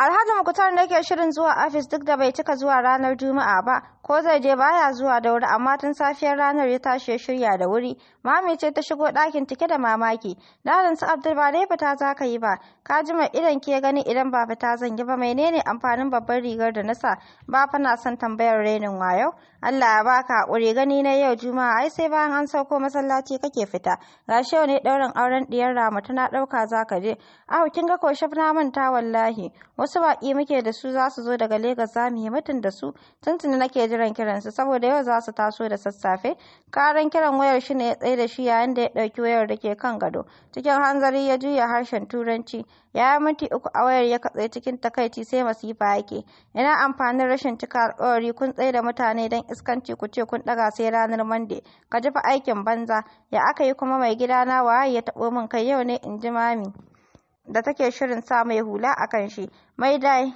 Alhaji Mukutar nake shirin zuwa ofis duk da bai cika zuwa ranar Juma'a ba, ko zai je baya zuwa da wuri amma tun safiyar ranar ya tashi ya shirya da wuri. Mami ce ta shigo ɗakin cike da mamaki. Dalin su Abdul ba dai fita za ka yi ba, ka ji mai idan ke gani idan ba fita zan yi ba menene amfanin babbar rigar da na sa ba fa na son tambayar renin wayo. Allah ya baka hakuri gani na yau Juma'a ai sai bayan an sauko masallaci kake fita. Ga shi yau ne ɗaurin auren ɗiyar Rama na ɗauka za ka je. Ahu kin ga ko na manta wallahi. wasu baƙi muke da su za su zo daga Legas za mu yi mutum da su tuntuni nake jiran kiransu saboda yau za su taso da sassafe karan kiran wayar shi ne ya tsaye da shi yayin da ya ɗauki wayar da ke kan gado cikin hanzari ya juya harshen turanci ya yi minti uku a wayar ya katse cikin takaici sai masifa yake ina amfanin rashin cika alƙawari kun tsaye da mutane don iskanci ku ce kun ɗaga sai ranar mande ka ji aikin banza ya aka yi kuma mai gidana waye ya taɓo min kai yau ne in ji mami da take shirin sa mai hula a kan shi mai dai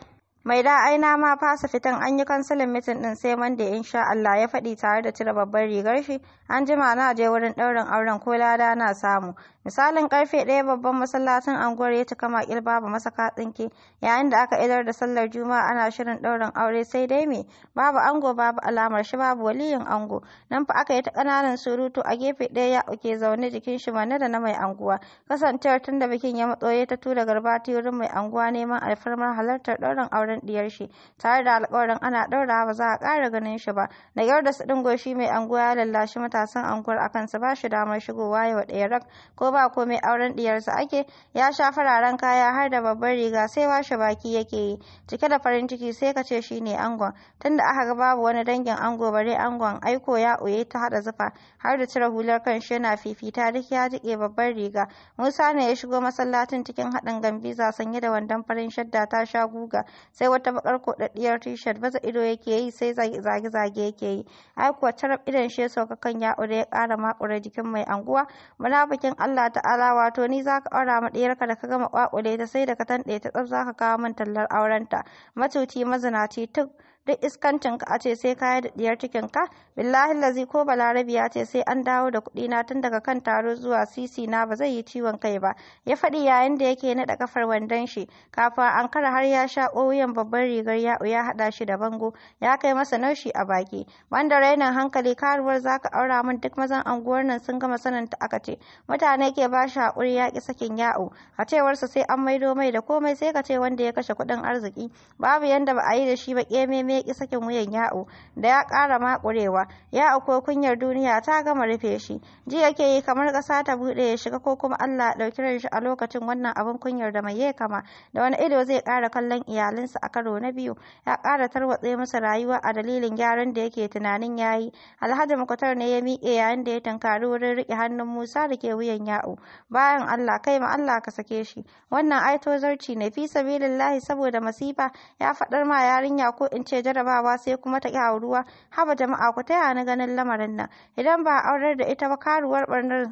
mai da aina ma fasa fitan an yi kansalin mitin din sai Monday insha Allah ya faɗi tare da cire babbar rigar shi an jima na je wurin ɗaurin auren ko lada na samu misalin karfe ɗaya babban masallacin anguwar ya cika makil babu masaka tsinke yayin da aka idar da sallar juma'a ana shirin ɗaurin aure sai dai me babu ango babu alamar shi babu waliyin ango nan fa aka yi ta ƙananan surutu a gefe ɗaya ya uke zaune jikin shi mana da na mai anguwa kasancewar tun da bikin ya matso ta tura ta wurin mai anguwa neman alfarmar halartar ɗaurin auren ɗiyar shi tare da alƙawarin ana ɗaura, ba za a ƙara ganin shi ba da yau da su ɗingo goshi mai anguwa ya lallashi matasan anguwar akan su ba shi damar shigowa yau ɗaya rak ko ba komai auren diyarsa ake ya sha fararen kaya har da babbar riga sai washe baki yake yi cike da farin ciki sai ka ce shine angon tunda aka ga babu wani dangin ango bare angon aiko ya uye ta hada zufa har da cire hular kan shi yana fifita duk ya jike babbar riga Musa ne ya shigo masallacin cikin haɗin gambiza sanye da wandon farin shadda ta sha guga sai wata bakar kodaddiyar t-shirt baza ido yake yi sai zage-zage yake yi aiko tarab idan shi sauka kan ya ure ya kara makure jikin mai anguwa bikin Allah Allah ta'ala wato ni za ka aura ma ɗiyarka da ka gama kwakule ta sai da ka tanɗe ta tsaf za ka kawo min tallar aurenta matuti mazinaci tuk duk iskancin ka a ce sai ka da diyar cikin ka billahi lazi ko balarabi ya ce sai an dawo da kuɗi na tun daga kan taro zuwa sisi na ba zai yi ciwon kai ba ya faɗi yayin da yake naɗa kafar wandon shi kafin an kara har ya sha oyan babban rigar ya'u ya haɗa shi da bango ya kai masa naushi a baki wanda rainin hankali karuwar zaka aura mun duk mazan anguwar nan sun gama sananta aka ce mutane ke ba shi haƙuri ya ƙi sakin ya'u a cewarsa sai an maido mai da komai sai ka ce wanda ya kashe kuɗin arziki babu yanda ba a yi da shi ba ƙememe ya ƙi sakin wuyan ya'u da ya kara maƙurewa ya ko kunyar duniya ta gama rufe shi ji yake yi kamar ƙasa ta buɗe ya shiga ko kuma Allah ɗauki ran shi a lokacin wannan abin kunyar da mai ya kama da wani ido zai kara kallon iyalinsa a karo na biyu ya ƙara tarwatse masa rayuwa a dalilin gyaran da yake tunanin yayi Alhaji Mukutar ne ya miƙe yayin da ya tunkari wurin riƙe hannun Musa da ke wuyan ya'u bayan Allah kai ma Allah ka sake shi wannan aito zarci ne fi sabilillahi saboda masifa ya faɗar ma yarinya ko in ce jarabawa sai kuma ta ƙi auruwa haba jama'a ku taya ni ganin lamarin nan idan ba a aurar da ita ba karuwar ɓarnar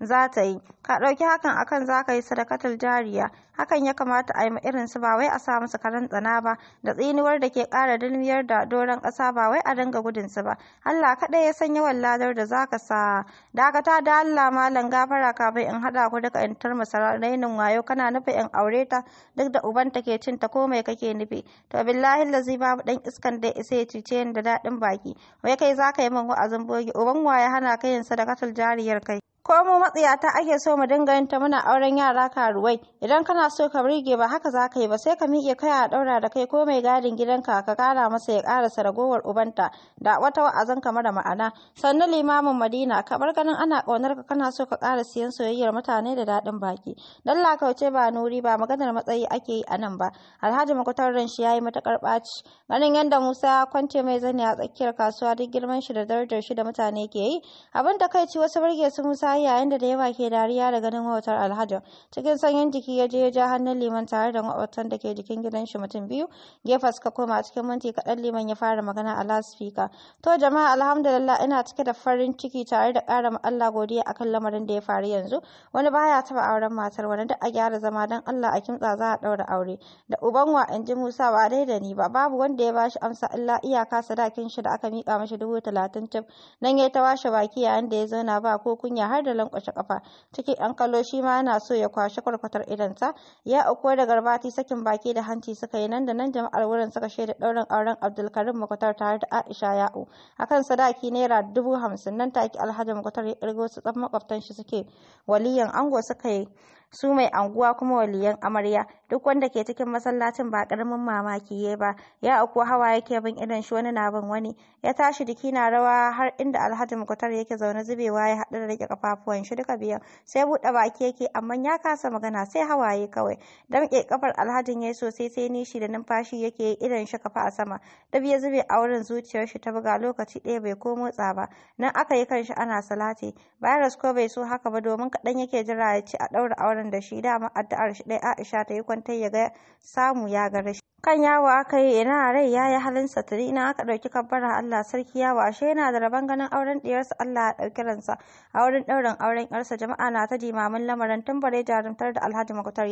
za ta yi ka ɗauki hakan akan za ka yi sadakatar jariya hakan ya kamata a yi irin su ba wai a sa musu karan tsana ba da tsinuwar da ke ƙara dalmiyar da doron ƙasa ba wai a dinga gudun su ba Allah kaɗai ya san yawan ladar da ka sa dakata da Allah malam gafara bai in haɗa ku duka in tarmasa rainin wayo kana nufi in aure ta duk da uban ta ke cin ta ko mai kake nufi to billahi lazi babu dan iskan da isa ya cuce ni da daɗin baki wai kai za ka yi min wa'azin bogi uban waye hana ka yin sadakatar jariyar kai ko mu matsiyata ake so mu dinga yin ta muna auren yara karuwai idan kana so ka rige ba haka za ka yi ba sai ka miƙe kai a ɗaura da kai ko mai gadin gidanka ka kara masa ya ƙara saragowar ubanta da wata wa'azan ka mara ma'ana sannan limamin madina kamar ganin ana ƙaunar ka kana so ka ƙara siyan soyayyar mutane da daɗin baki dalla kauce ba nuri ba maganar matsayi ake yi a nan ba alhaji makutar ran shi ya yi matuƙar ɓaci ganin yadda musa ya kwance mai zani a tsakiyar kasuwa duk girman shi da darajar shi da mutane ke yi abin takaici wasu burge su musa yi yayin da da yawa ke dariya da ganin wautar alhaji cikin sanyin jiki ya je ya ja hannun liman tare da maƙwabtan da ke jikin gidan shi mutum biyu gefe suka koma cikin minti kaɗan liman ya fara magana a lasfika to jama'a alhamdulillah ina cike da farin ciki tare da ƙara Allah godiya akan lamarin da ya faru yanzu wani baya taɓa auren matar wani duk a gyara zama don Allah a kimtsa za a ɗaura aure da uban wa in ji Musa ba dai da ni ba babu wanda ya bashi amsa illa iyaka sadakin shi da aka mika mashi dubu talatin cif nan ya ta washe baki yayin da ya zauna ba ko kunya har da da lankwashe kafa cikin yan kallo shi ma yana so ya kwashi kwarkwatar idonta ya uku da garbati sakin baki da hanci suka yi nan da nan jama'ar wurin suka shaida daurin auren abdulkarim makutar tare da aisha ya'u akan sadaki naira dubu hamsin nan take alhaji makutar ya kirgo su tsaf makwabtan shi suke waliyan ango suka yi su mai anguwa kuma waliyan amarya duk wanda ke cikin masallacin ba karamin mamaki ya ba ya aku hawa yake bin idan shi wani na bin wani ya tashi diki na rawa har inda alhaji mukutar yake zaune zubewa ya haɗu da rike kafafuwan shi duka biyan sai buɗe baki yake amma ya kasa magana sai hawaye kawai dan ke kafar alhajin yayi sosai sai nishi da numfashi yake idan shi kafa a sama dab ya zube auren wurin zuciyar shi ta buga lokaci ɗaya bai ko motsa ba nan aka yi kanshi ana salati bayan ko bai so haka ba domin kaɗan yake jira ya ci a ɗaura auren alƙawarin da shi dama addu'ar shi ɗaya Aisha ta yi kwantar ya ga samu ya ga rashi kan yawo aka yi ina rai ya yi halinsa tuni ina aka ɗauki kabbara Allah sarki yawo ashe yana da rabon ganin auren ɗiyarsa Allah ya ɗauki ransa a wurin ɗaurin auren ƴarsa jama'a na ta jimamin lamarin tun bare jarumtar da Alhaji Makutar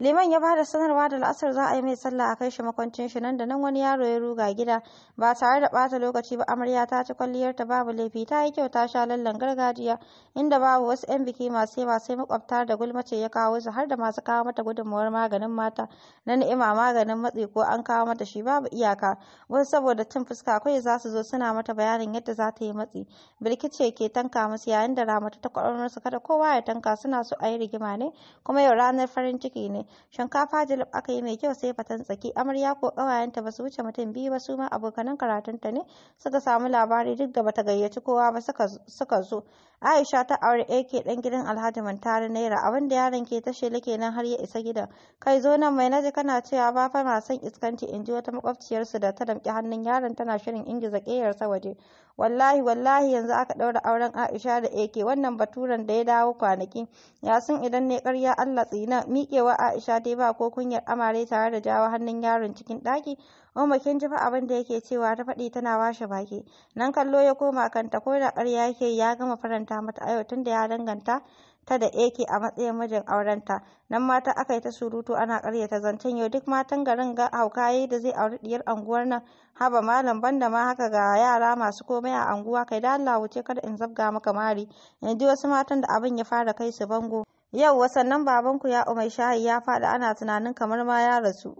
liman ya bada sanarwa da la'asar za a yi mai sallah a kai shi makwancin shi nan da nan wani yaro ya ruga gida ba tare da ɓata lokaci ba amarya ta ci kwalliyarta babu laifi ta yi kyau ta sha lallan gargajiya inda babu wasu 'yan biki masu yawa sai makwabta da gulmace ya kawo su har da masu kawo mata gudunmawar maganin mata na ni'ima maganin matsi ko an kawo mata shi babu iyaka wasu saboda cin fuska akwai za su zo suna mata bayanin yadda za ta yi matsi birkice ke tanka musu yayin da ramatu ta kwarar su kada kowa ya tanka suna so a yi rigima ne kuma yau ranar farin ciki ne shinkafa jilib aka yi mai kyau sai fatan tsaki amarya ko ƙawayenta ba su wuce mutum biyu ba su ma abokanan karatunta ne suka samu labari duk da bata gayyaci kowa ba suka zo Aisha ta aure AK dan gidan Alhaji Mantari Naira abinda yaron ke tashe nan har ya isa gidan kai zo nan mai naji kana cewa ba fa masu son iskanci in ji wata makwabciyarsu da ta damƙi hannun yaron tana shirin ingiza sa waje wallahi wallahi yanzu aka ɗaura auren aisha da eke wannan baturen da ya dawo kwanaki ya san idan ne ƙarya allah tsina miƙewa aisha dai ba ko kunyar amare tare da jawo hannun yaron cikin ɗaki Umma kin ji fa abin da yake cewa ta faɗi tana washe baki. Nan kallo ya koma kanta ko da ƙarya yake ya gama faranta mata ayo da ya danganta ta da AK a matsayin mijin aurenta. Nan mata aka yi ta surutu ana karya ta zancen yau duk matan garin ga haukaye da zai auri ɗiyar anguwar nan. Haba malam banda ma haka ga yara masu komai a anguwa kai da Allah wuce kada in zabga maka mari. Yanzu wasu matan da abin ya fara kai su bango. yauwa sannan babanku ya umar shahi ya faɗi ana tunanin kamar ma ya rasu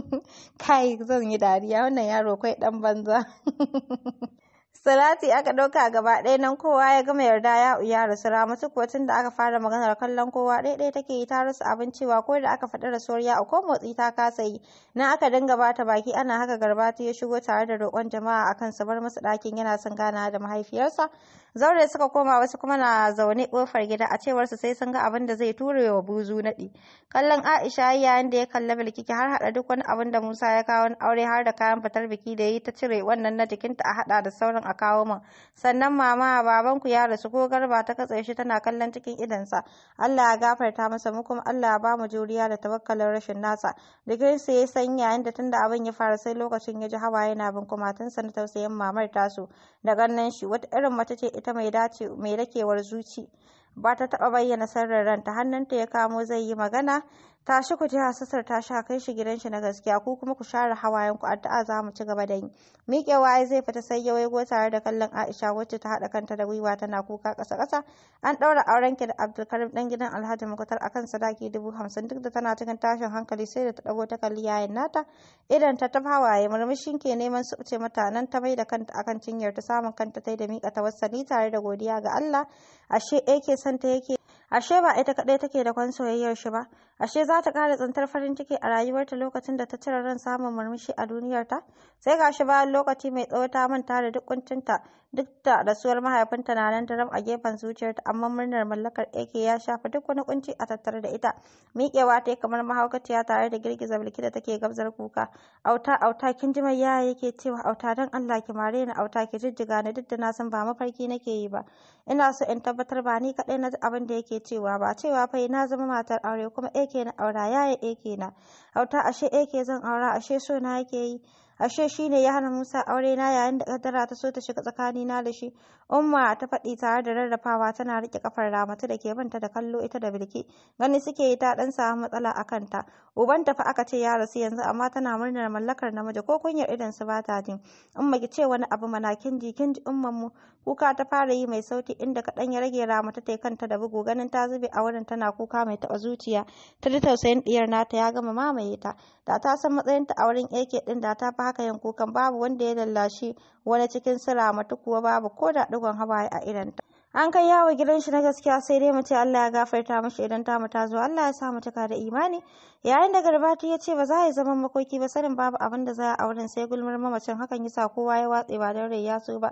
kai zan yi dariya wannan yaro kwai ɗan banza Salati aka ɗauka gaba ɗaya nan kowa ya gama yarda ya ya rasu Ramatu kuwa tun da aka fara maganar kallon kowa ɗaya take yi ta rasa abin cewa ko da aka faɗi rasuwar ya ko motsi ta kasa yi. Na aka dinga bata baki ana haka garbatu ya shigo tare da roƙon jama'a akan su bar masa ɗakin yana son gana da mahaifiyarsa. zaure suka koma wasu kuma na zaune kofar gida a cewar su sai sun ga abin da zai ture wa buzu naɗi kallon aisha yayin da ya kalla bilkiki har haɗa duk wani abin da musa ya kawo aure har da kayan fitar biki da yi ta cire wannan na jikinta a haɗa da sauran a kawo min sannan mama baban ku ya rasu ko garba ta katse shi tana kallon cikin sa allah ya gafarta masa mu kuma allah ya ba mu juriya da tawakkalin rashin nasa digirin su ya san yayin da tunda abin ya fara sai lokacin ya ji hawa na bin tun na tausayin mamar tasu da ganin shi wata irin mace ce ita mai dace mai rakewar zuci ba ta taɓa bayyana sirrin ranta hannunta ya kamo zai yi magana tashi ku jiha sassar ta sha kai shi gidan shi na gaskiya ku kuma ku share hawayen ku addu'a za mu ci gaba da yi miƙe waye zai fita sai ya waigo tare da kallon Aisha wacce ta hada kanta da gwiwa tana kuka kasa-kasa an ɗaura auren ki da Abdulkarim dan gidan Alhaji mukatar akan sadaki dubu hamsin duk da tana cikin tashin hankali sai da ta ɗago ta kalli yayin nata idan ta tafi hawaye murmushin ke neman su ce mata nan ta mai da kanta akan cinyar ta samun kanta ta da miƙa tawassali tare da godiya ga Allah ashe yake son yake ashe ba ita kadai take da kwan soyayyar shi ba ashe za ta ƙara tsantar farin ciki a rayuwarta lokacin da ta cire ran samun murmushi a duniyarta sai gashi bayan lokaci mai tsawo ta manta da duk kuncinta duk da rasuwar mahaifinta na nan daram a gefen zuciyarta amma murnar mallakar AK ya shafa duk wani kunci a tattare da ita miƙewa ta yi kamar mahaukaciya tare da girgiza bilki da take gabzar kuka auta auta kin ji mai yaya yake cewa auta don Allah ki mare ni auta ki jijjiga ni duk da na san ba mafarki nake yi ba ina so in tabbatar ba ni kaɗai na abin da yake cewa ba cewa fa na zama matar aure kuma eke na aura yaya eke na auta ashe eke zan aura ashe so na yake yi ashe shi ne ya hana Musa aure na yayin da kaddara ta so ta shiga tsakani na da shi umma ta faɗi tare da rarrafawa tana rike kafar ramatu da ke banta da kallo ita da bilki gani suke yi ta dan samu matsala a kanta uban ta fa aka ce ya rasu yanzu amma tana murnar mallakar namiji ko kunyar idan su ba ta jin umma ki ce wani abu mana kin ji kin umman mu kuka ta fara yi mai sauti inda kaɗan ya rage ramatu ta kanta da bugu ganin ta zube a wurin tana kuka mai taɓa zuciya ta ji tausayin ɗiyar nata ya gama mamaye ta da ta san matsayinta a wurin AK ɗin da ta fa haka yin kukan babu wanda ya lallashi wani cikin sura mata kuwa babu ko da digon habaye a idanta an kai yawo gidan shi na gaskiya sai dai mu ce Allah ya gafarta mashi idan ta ta zo Allah ya sa mu cika da imani yayin da garbati ya ce ba za yi zaman makoki ba sanin babu abin da za a auren sai gulmar mamacin hakan yasa kowa ya watse ba don rai ya so ba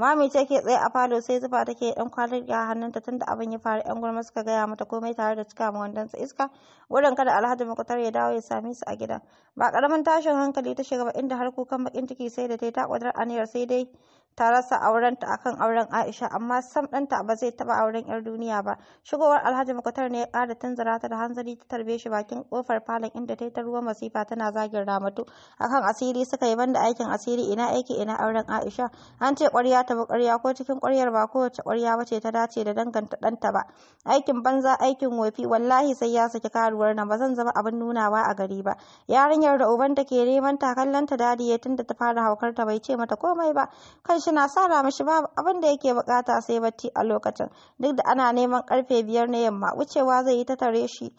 Mami ce ke tsaye a falo sai zufa take ɗan kwalir a hannunta tunda abin ya faru yan gurma suka gaya mata komai tare da cika ma wandonsa iska wurin kada Alhaji Mukutar ya dawo ya same su a gidan. Ba ƙaramin tashin hankali ta shiga ba inda har kukan bakin ciki sai da ta ta aniyar sai dai ta rasa aurenta akan auren Aisha amma sam ɗanta ba zai taɓa auren 'yar duniya ba. Shigowar Alhaji Muktar ne ya ƙara tunzura ta da hanzari ta tarbe shi bakin kofar falon inda ta yi ta ruwan masifa tana zagin ramatu akan asiri suka yi banda aikin asiri ina aiki ina auren Aisha. An ce ƙwarya ta ƙwarya ko cikin ƙwaryar ba kowace ƙwarya ba ce ta dace da danganta ɗanta ba. Aikin banza aikin wofi wallahi sai ya saki karuwar nan ba zan zama abin nunawa a gari ba. Yarinyar da uban take neman ta kallon ta dadiye tunda ta fara haukar ta bai ce mata komai ba. Kan Gwamnati na sara mishi babu abin da yake bukata sai bacci a lokacin, duk da ana neman karfe biyar na yamma wucewa zai yi ta tare shi.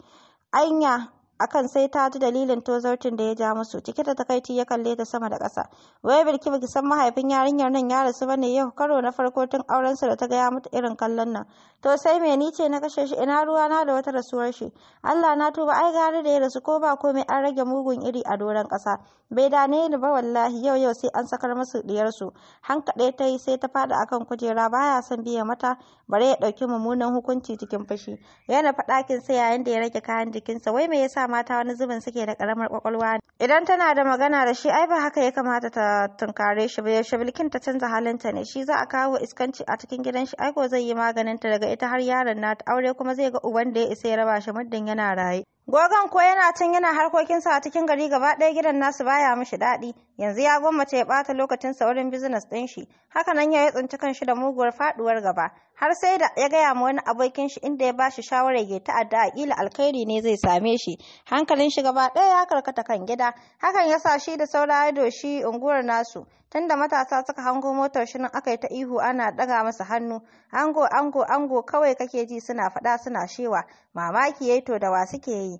Anya akan sai ta ji dalilin tozartin da ya ja musu cike da takaici ya kalle ta sama da ƙasa wai birki! baki san mahaifin yarinyar nan ya rasu bane yau karo na farko tun auren sa da ta gaya mata irin kallon nan to sai me ni ce na kashe shi ina ruwa na da wata rasuwar shi Allah na tuba ai gari da ya rasu ko ba komai an rage mugun iri a doron ƙasa bai ne ni ba wallahi yau yau sai an sakar musu diyar su hankaɗe ta yi sai ta fada akan kujera baya son biya mata bare ya ɗauki mummunan hukunci cikin fushi yana faɗakin sai yayin da ya rage kayan jikinsa wai me yasa mata wani zubin suke da karamar kwakwalwa idan tana da magana da shi ai ba haka ya kamata ta tunkare shi ba yaushe bilkin ta canza halinta ne shi za a kawo iskanci a cikin gidan shi aiko zai yi maganin ta daga ita har yaron nata aure kuma zai ga uban da ya isa ya raba shi muddin yana raye Gogon ko yana can yana harkokinsa a cikin gari gaba ɗaya gidan nasu baya mishi daɗi. Yanzu ya gwammace ya ɓata lokacin saurin bizines ɗin shi. Haka nan ya yi tsinci kan shi da muguwar faɗuwar gaba. Har sai da ya gaya ma wani abokin shi inda ya bashi shawarar ya ta'adda a ƙila alkhairi ne zai same shi. Hankalin shi gaba ɗaya ya karkata kan gida. Hakan ya sa shi da saura ya doshi unguwar nasu. Tunda matasa suka hango motar shi nan aka yi ta ihu ana ɗaga masa hannu. Ango ango ango kawai kake ji suna faɗa suna shewa. Mamaki yayi to da wa suke yi.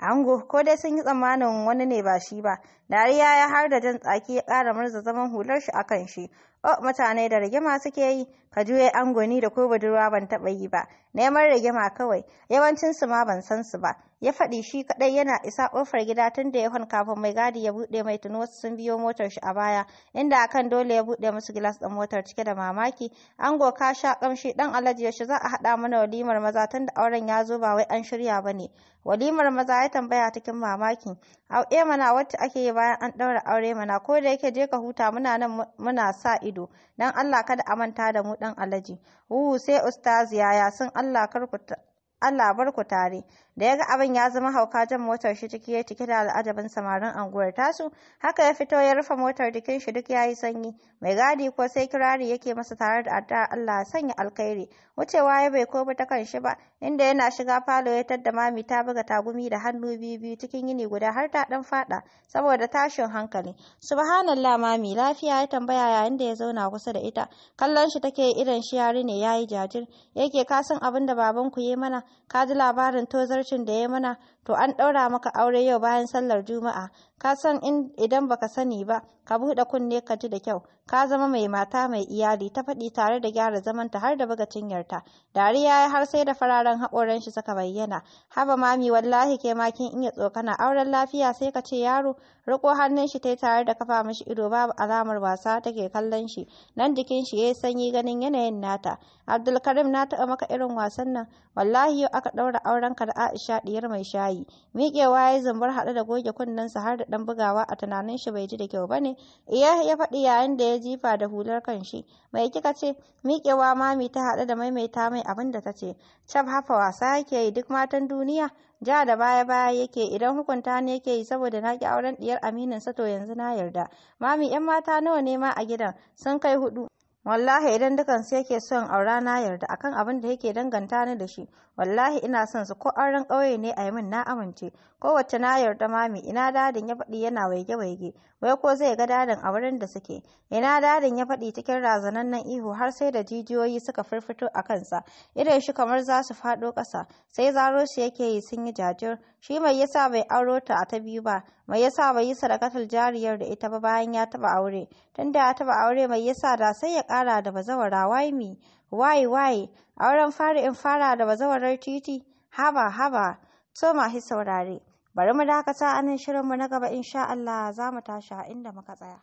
ango ko dai sun yi tsammanin wani ne ba shi ba dariya ya har da jan tsaki ya ƙara murza zaman hular shi akan shi o oh, mutane da rigima suke yi ka juye ango ni da ko budurwa ban taɓa yi ba neman rigima kawai yawancin su ma ban san su ba ya faɗi shi kaɗai yana isa ƙofar gida tun da yawan kafin mai gadi ya buɗe mai tuno wasu sun biyo motar shi a baya inda akan dole ya buɗe musu gilas ɗin motar cike da mamaki ango ka sha ƙamshi ɗan alaji yaushe za a haɗa mana walimar maza tun da auren ya zo ba wai an shirya ba ne walimar maza ya tambaya cikin mamaki auɗe eh mana wacce ake yi bayan an ɗaura aure mana ko da yake je ka huta muna nan muna sa ido dan Allah kada a manta da mu dan alaji wuhu sai ustaz yaya sun Allah karku Allah bar tare da ya ga abin ya zama hauka jan motar shi ciki ya cike da al'ajabin samarin anguwar tasu haka ya fito ya rufe motar jikin shi duk yayi sanyi mai gadi ko sai kirari yake masa tare da addu'a Allah ya sanya alkhairi wucewa ya bai ko ta kan shi ba inda yana shiga falo ya tadda mami ta buga tagumi da hannu biyu biyu cikin yini guda har ta dan fada saboda tashin hankali subhanallah mami lafiya ya tambaya yayin da ya zauna kusa da ita kallon shi take irin shi yari ne yayi jajir yake kasan abin da baban ku yi mana ka ji labarin tozar lokacin da ya mana to an ɗaura maka aure yau bayan sallar juma'a ka san idan baka sani ba ka buɗe kunne ka ji da kyau ka zama mai mata mai iyali ta faɗi tare da gyara zamanta har da buga cinyarta dariya ya har sai da fararen haƙoran shi suka bayyana haba mami wallahi ke ma kin iya tsokana auren lafiya sai ka ce yaro riko hannun shi ta tare da kafa mishi ido babu alamar wasa take kallon shi nan jikin shi yayi sanyi ganin yanayin nata abdulkarim na taɓa maka irin wasan nan wallahi yau aka ɗaura auren ka da aisha ɗiyar mai shayi miƙewa ya yi zumbar haɗe da goge kunnensa har da dan bugawa a tunanin shi bai ji da kyau bane iya ya faɗi yayin da ya jifa da hular kanshi mai kika ce Mikewa mami ta haɗu da maimaita mai abin da ta ce cab hafa wasa yake yi duk matan duniya ja da baya baya yake idan hukunta ne yake yi saboda na ki auren diyar aminin sa to yanzu na yarda mami yan mata nawa ne ma a gidan sun kai hudu wallahi idan dukan su yake son aura na yarda akan abin da yake danganta ni da shi wallahi ina son su ko auren ƙauye ne a yi min na amince kowace na yarda mami ina dadin ya faɗi yana waige waige wai ko zai ga dadin a wurin da suke ina dadin ya faɗi cikin razanannen ihu har sai da jijiyoyi suka firfito a kansa idan shi kamar za su faɗo ƙasa sai zaro shi yake yi sun yi jajir shi mai yasa bai auro ta a ta biyu ba mai yasa bai yi sadakatar jariyar da ita ba bayan ya taɓa aure tun da ya taɓa aure mai yasa da sai ya kara da bazawara wai mi wai wai auren fara in fara da bazawarar titi haba haba ma hi saurare bari mu dakata anan shirinmu na gaba insha Allah za mu tashi a inda muka tsaya